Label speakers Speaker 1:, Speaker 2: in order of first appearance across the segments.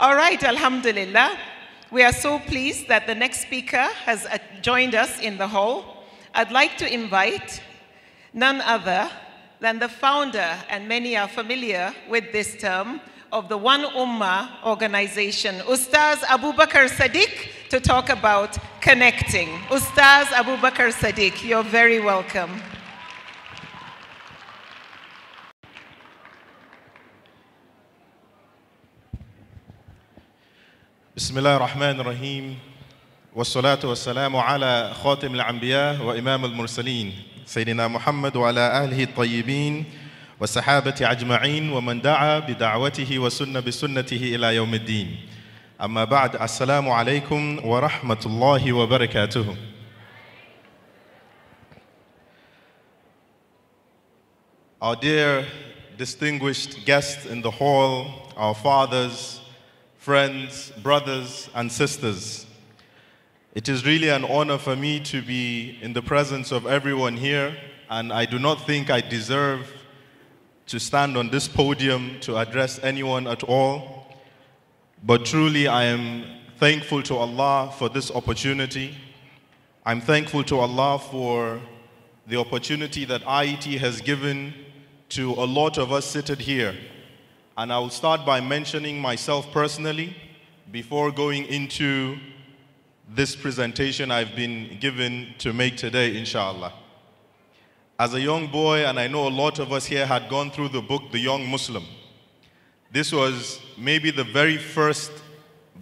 Speaker 1: All right, Alhamdulillah. We are so pleased that the next speaker has uh, joined us in the hall. I'd like to invite none other than the founder, and many are familiar with this term, of the One Ummah organization, Ustaz Abu Bakr Sadiq, to talk about connecting. Ustaz Abu Bakr Sadiq, you're very welcome. بسم الله الرحمن الرحيم والصلاة والسلام على خاتم الأنبياء وإمام المرسلين سيدنا محمد وعلى أهله الطيبين والصحابة أجمعين ومن دعا بدعوته وسن بسنته إلى يوم الدين أما بعد السلام عليكم ورحمة الله وبركاته Our dear distinguished guests in the hall, our fathers, friends, brothers, and sisters. It is really an honor for me to be in the presence of everyone here, and I do not think I deserve to stand on this podium to address anyone at all. But truly, I am thankful to Allah for this opportunity. I'm thankful to Allah for the opportunity that IET has given to a lot of us seated here. And I will start by mentioning myself personally before going into this presentation I've been given to make today, inshallah. As a young boy, and I know a lot of us here had gone through the book, The Young Muslim. This was maybe the very first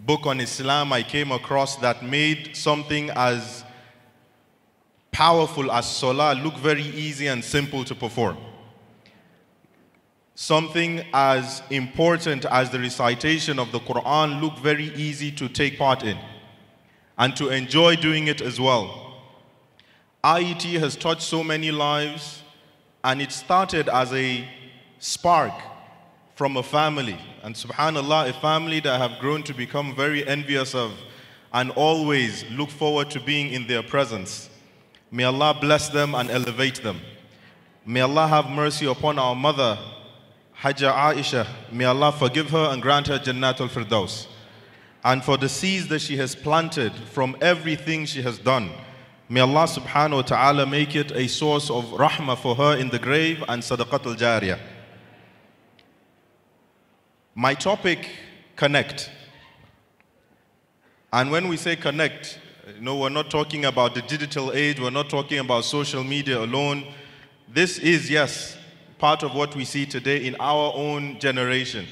Speaker 1: book on Islam I came across that made something as powerful as Salah look very easy and simple to perform. Something as important as the recitation of the Quran looked very easy to take part in and to enjoy doing it as well. IET has touched so many lives and it started as a spark from a family. And subhanAllah, a family that I have grown to become very envious of and always look forward to being in their presence. May Allah bless them and elevate them. May Allah have mercy upon our mother, Hajja Aisha, may Allah forgive her and grant her Jannat al Firdaus. And for the seeds that she has planted from everything she has done, may Allah subhanahu wa ta'ala make it a source of rahmah for her in the grave and sadaqat al jariyah. My topic, connect. And when we say connect, you know, we're not talking about the digital age, we're not talking about social media alone. This is, yes, part of what we see today in our own generation.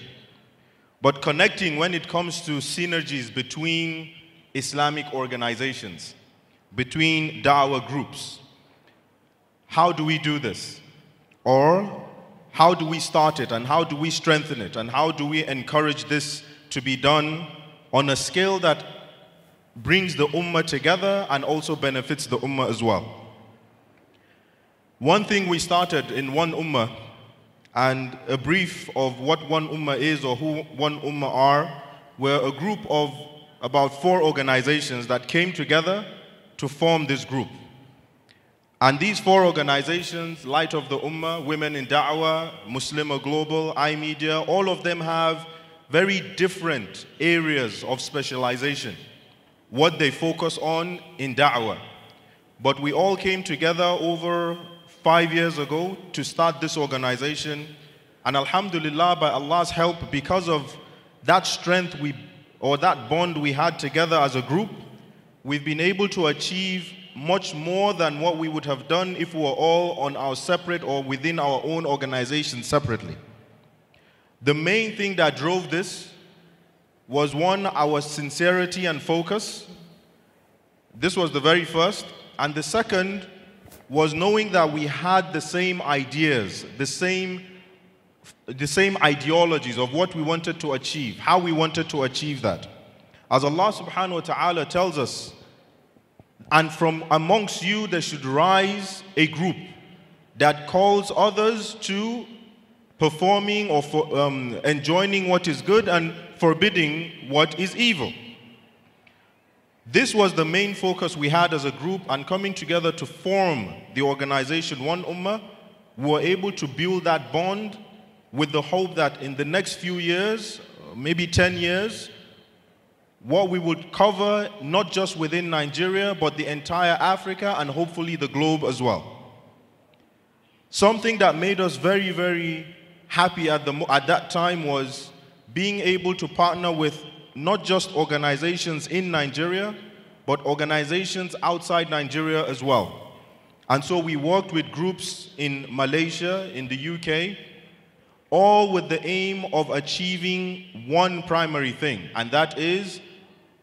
Speaker 1: But connecting when it comes to synergies between Islamic organizations, between Dawah groups. How do we do this? Or how do we start it and how do we strengthen it and how do we encourage this to be done on a scale that brings the ummah together and also benefits the ummah as well? One thing we started in one ummah, and a brief of what one ummah is or who one ummah are, were a group of about four organizations that came together to form this group. And these four organizations, Light of the Ummah, Women in Da'wah, Muslimah Global, iMedia, all of them have very different areas of specialization, what they focus on in Da'wah. But we all came together over five years ago to start this organization. And Alhamdulillah, by Allah's help, because of that strength we, or that bond we had together as a group, we've been able to achieve much more than what we would have done if we were all on our separate or within our own organization separately. The main thing that drove this was one, our sincerity and focus. This was the very first. And the second was knowing that we had the same ideas, the same, the same ideologies of what we wanted to achieve, how we wanted to achieve that. As Allah subhanahu wa ta'ala tells us, and from amongst you there should rise a group that calls others to performing or for, um, enjoining what is good and forbidding what is evil. This was the main focus we had as a group, and coming together to form the organization One Ummah, we were able to build that bond with the hope that in the next few years, maybe 10 years, what we would cover not just within Nigeria, but the entire Africa and hopefully the globe as well. Something that made us very, very happy at, the, at that time was being able to partner with not just organizations in Nigeria, but organizations outside Nigeria as well. And so we worked with groups in Malaysia, in the UK, all with the aim of achieving one primary thing, and that is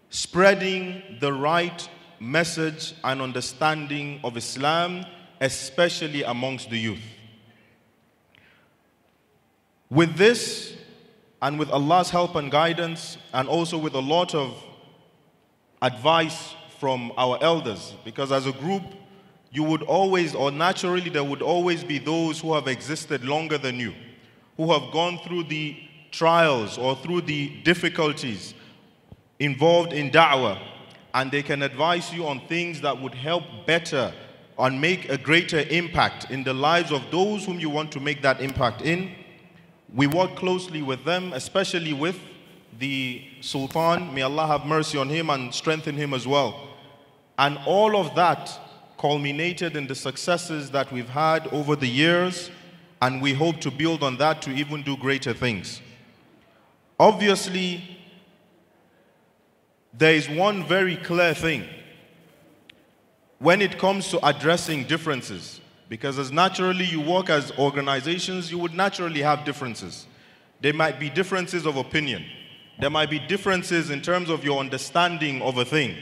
Speaker 1: spreading the right message and understanding of Islam, especially amongst the youth. With this, and with Allah's help and guidance, and also with a lot of advice from our elders, because as a group, you would always, or naturally, there would always be those who have existed longer than you, who have gone through the trials or through the difficulties involved in da'wah, and they can advise you on things that would help better and make a greater impact in the lives of those whom you want to make that impact in. We work closely with them, especially with the Sultan. May Allah have mercy on him and strengthen him as well. And all of that culminated in the successes that we've had over the years, and we hope to build on that to even do greater things. Obviously, there is one very clear thing when it comes to addressing differences. Because as naturally you work as organizations, you would naturally have differences. There might be differences of opinion. There might be differences in terms of your understanding of a thing.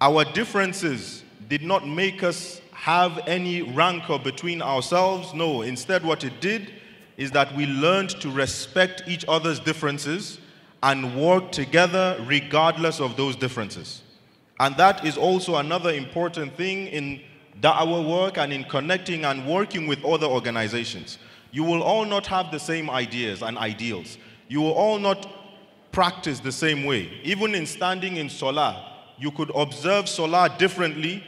Speaker 1: Our differences did not make us have any rancor between ourselves. No, instead, what it did is that we learned to respect each other's differences and work together regardless of those differences. And that is also another important thing in our work and in connecting and working with other organizations. You will all not have the same ideas and ideals. You will all not practice the same way. Even in standing in Salah, you could observe Salah differently,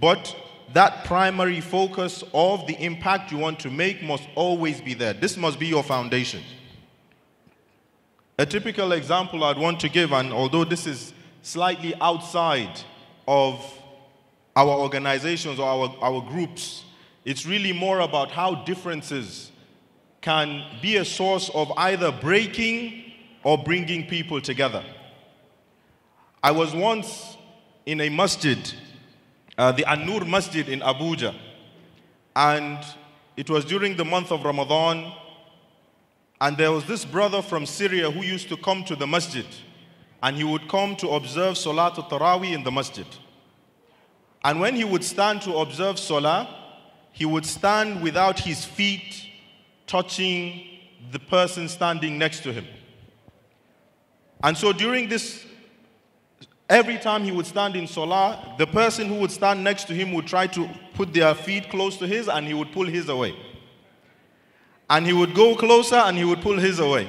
Speaker 1: but that primary focus of the impact you want to make must always be there. This must be your foundation. A typical example I'd want to give, and although this is slightly outside of our organizations or our, our groups. It's really more about how differences can be a source of either breaking or bringing people together. I was once in a masjid, uh, the Anur Masjid in Abuja, and it was during the month of Ramadan, and there was this brother from Syria who used to come to the masjid, and he would come to observe al Taraweeh in the masjid. And when he would stand to observe Salah, he would stand without his feet touching the person standing next to him. And so during this, every time he would stand in Salah, the person who would stand next to him would try to put their feet close to his and he would pull his away. And he would go closer and he would pull his away.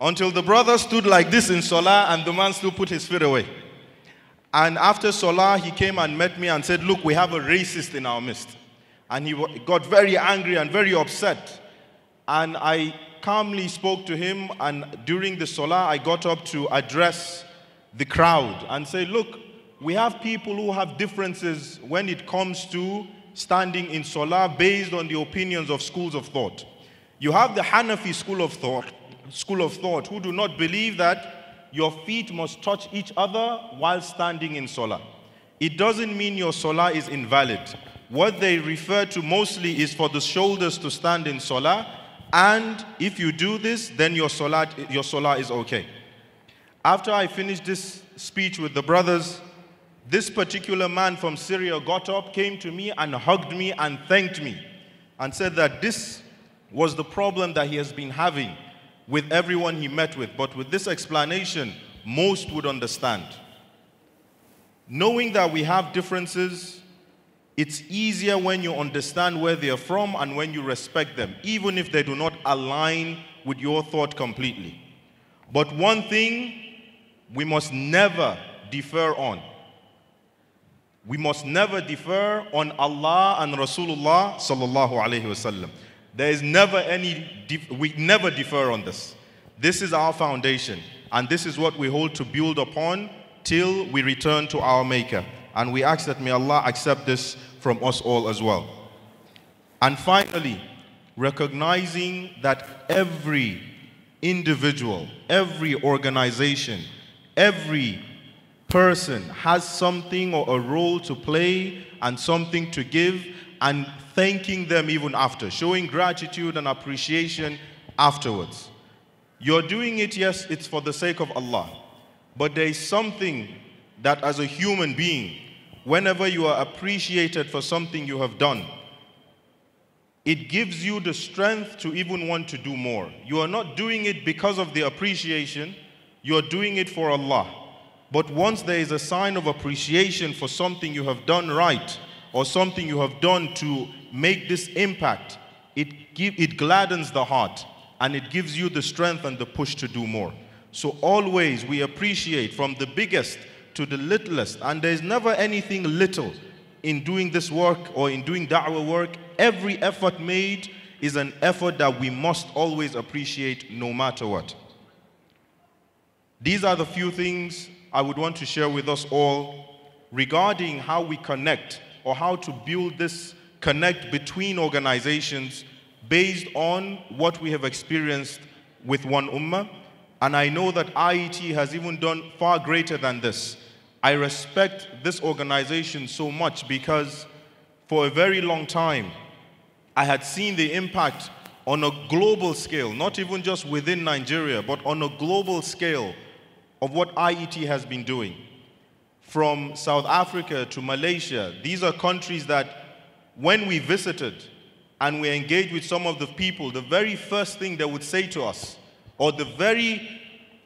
Speaker 1: Until the brother stood like this in Salah and the man still put his feet away. And after Salah, he came and met me and said, Look, we have a racist in our midst. And he got very angry and very upset. And I calmly spoke to him. And during the Salah, I got up to address the crowd and say, Look, we have people who have differences when it comes to standing in Salah based on the opinions of schools of thought. You have the Hanafi school of thought, school of thought who do not believe that your feet must touch each other while standing in salah. It doesn't mean your salah is invalid. What they refer to mostly is for the shoulders to stand in salah, and if you do this, then your salah, your salah is okay. After I finished this speech with the brothers, this particular man from Syria got up, came to me, and hugged me and thanked me and said that this was the problem that he has been having with everyone he met with, but with this explanation, most would understand. Knowing that we have differences, it's easier when you understand where they are from and when you respect them, even if they do not align with your thought completely. But one thing we must never defer on. We must never defer on Allah and Rasulullah sallallahu alaihi wasallam. There is never any, we never defer on this. This is our foundation, and this is what we hold to build upon till we return to our Maker. And we ask that may Allah accept this from us all as well. And finally, recognizing that every individual, every organization, every person has something or a role to play and something to give and thanking them even after, showing gratitude and appreciation afterwards. You're doing it, yes, it's for the sake of Allah. But there is something that, as a human being, whenever you are appreciated for something you have done, it gives you the strength to even want to do more. You are not doing it because of the appreciation, you are doing it for Allah. But once there is a sign of appreciation for something you have done right, or something you have done to make this impact, it, give, it gladdens the heart and it gives you the strength and the push to do more. So always we appreciate from the biggest to the littlest, and there's never anything little in doing this work or in doing da'wah work. Every effort made is an effort that we must always appreciate no matter what. These are the few things I would want to share with us all regarding how we connect or how to build this connect between organizations based on what we have experienced with One Ummah. And I know that IET has even done far greater than this. I respect this organization so much because for a very long time, I had seen the impact on a global scale, not even just within Nigeria, but on a global scale of what IET has been doing from South Africa to Malaysia, these are countries that when we visited and we engaged with some of the people, the very first thing they would say to us, or the very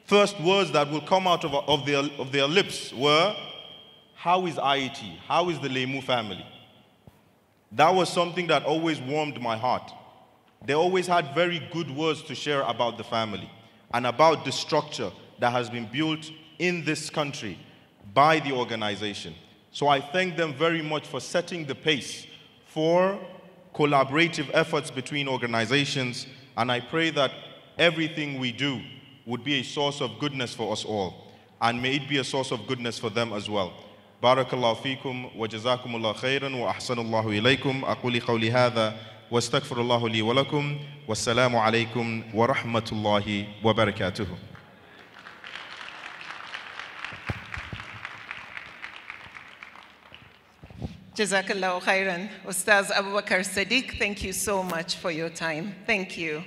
Speaker 1: first words that will come out of, of, their, of their lips were, How is IET? How is the Lemu family? That was something that always warmed my heart. They always had very good words to share about the family and about the structure that has been built in this country by the organization. So I thank them very much for setting the pace for collaborative efforts between organizations, and I pray that everything we do would be a source of goodness for us all, and may it be a source of goodness for them as well. Barakallahu الله wa وجزاكم الله wa وأحسن الله إليكم wa قولي هذا wa الله لي ولكم والسلام wa ورحمة Jazakallah khairan. Ustaz Abu Bakr Sadiq, thank you so much for your time. Thank you.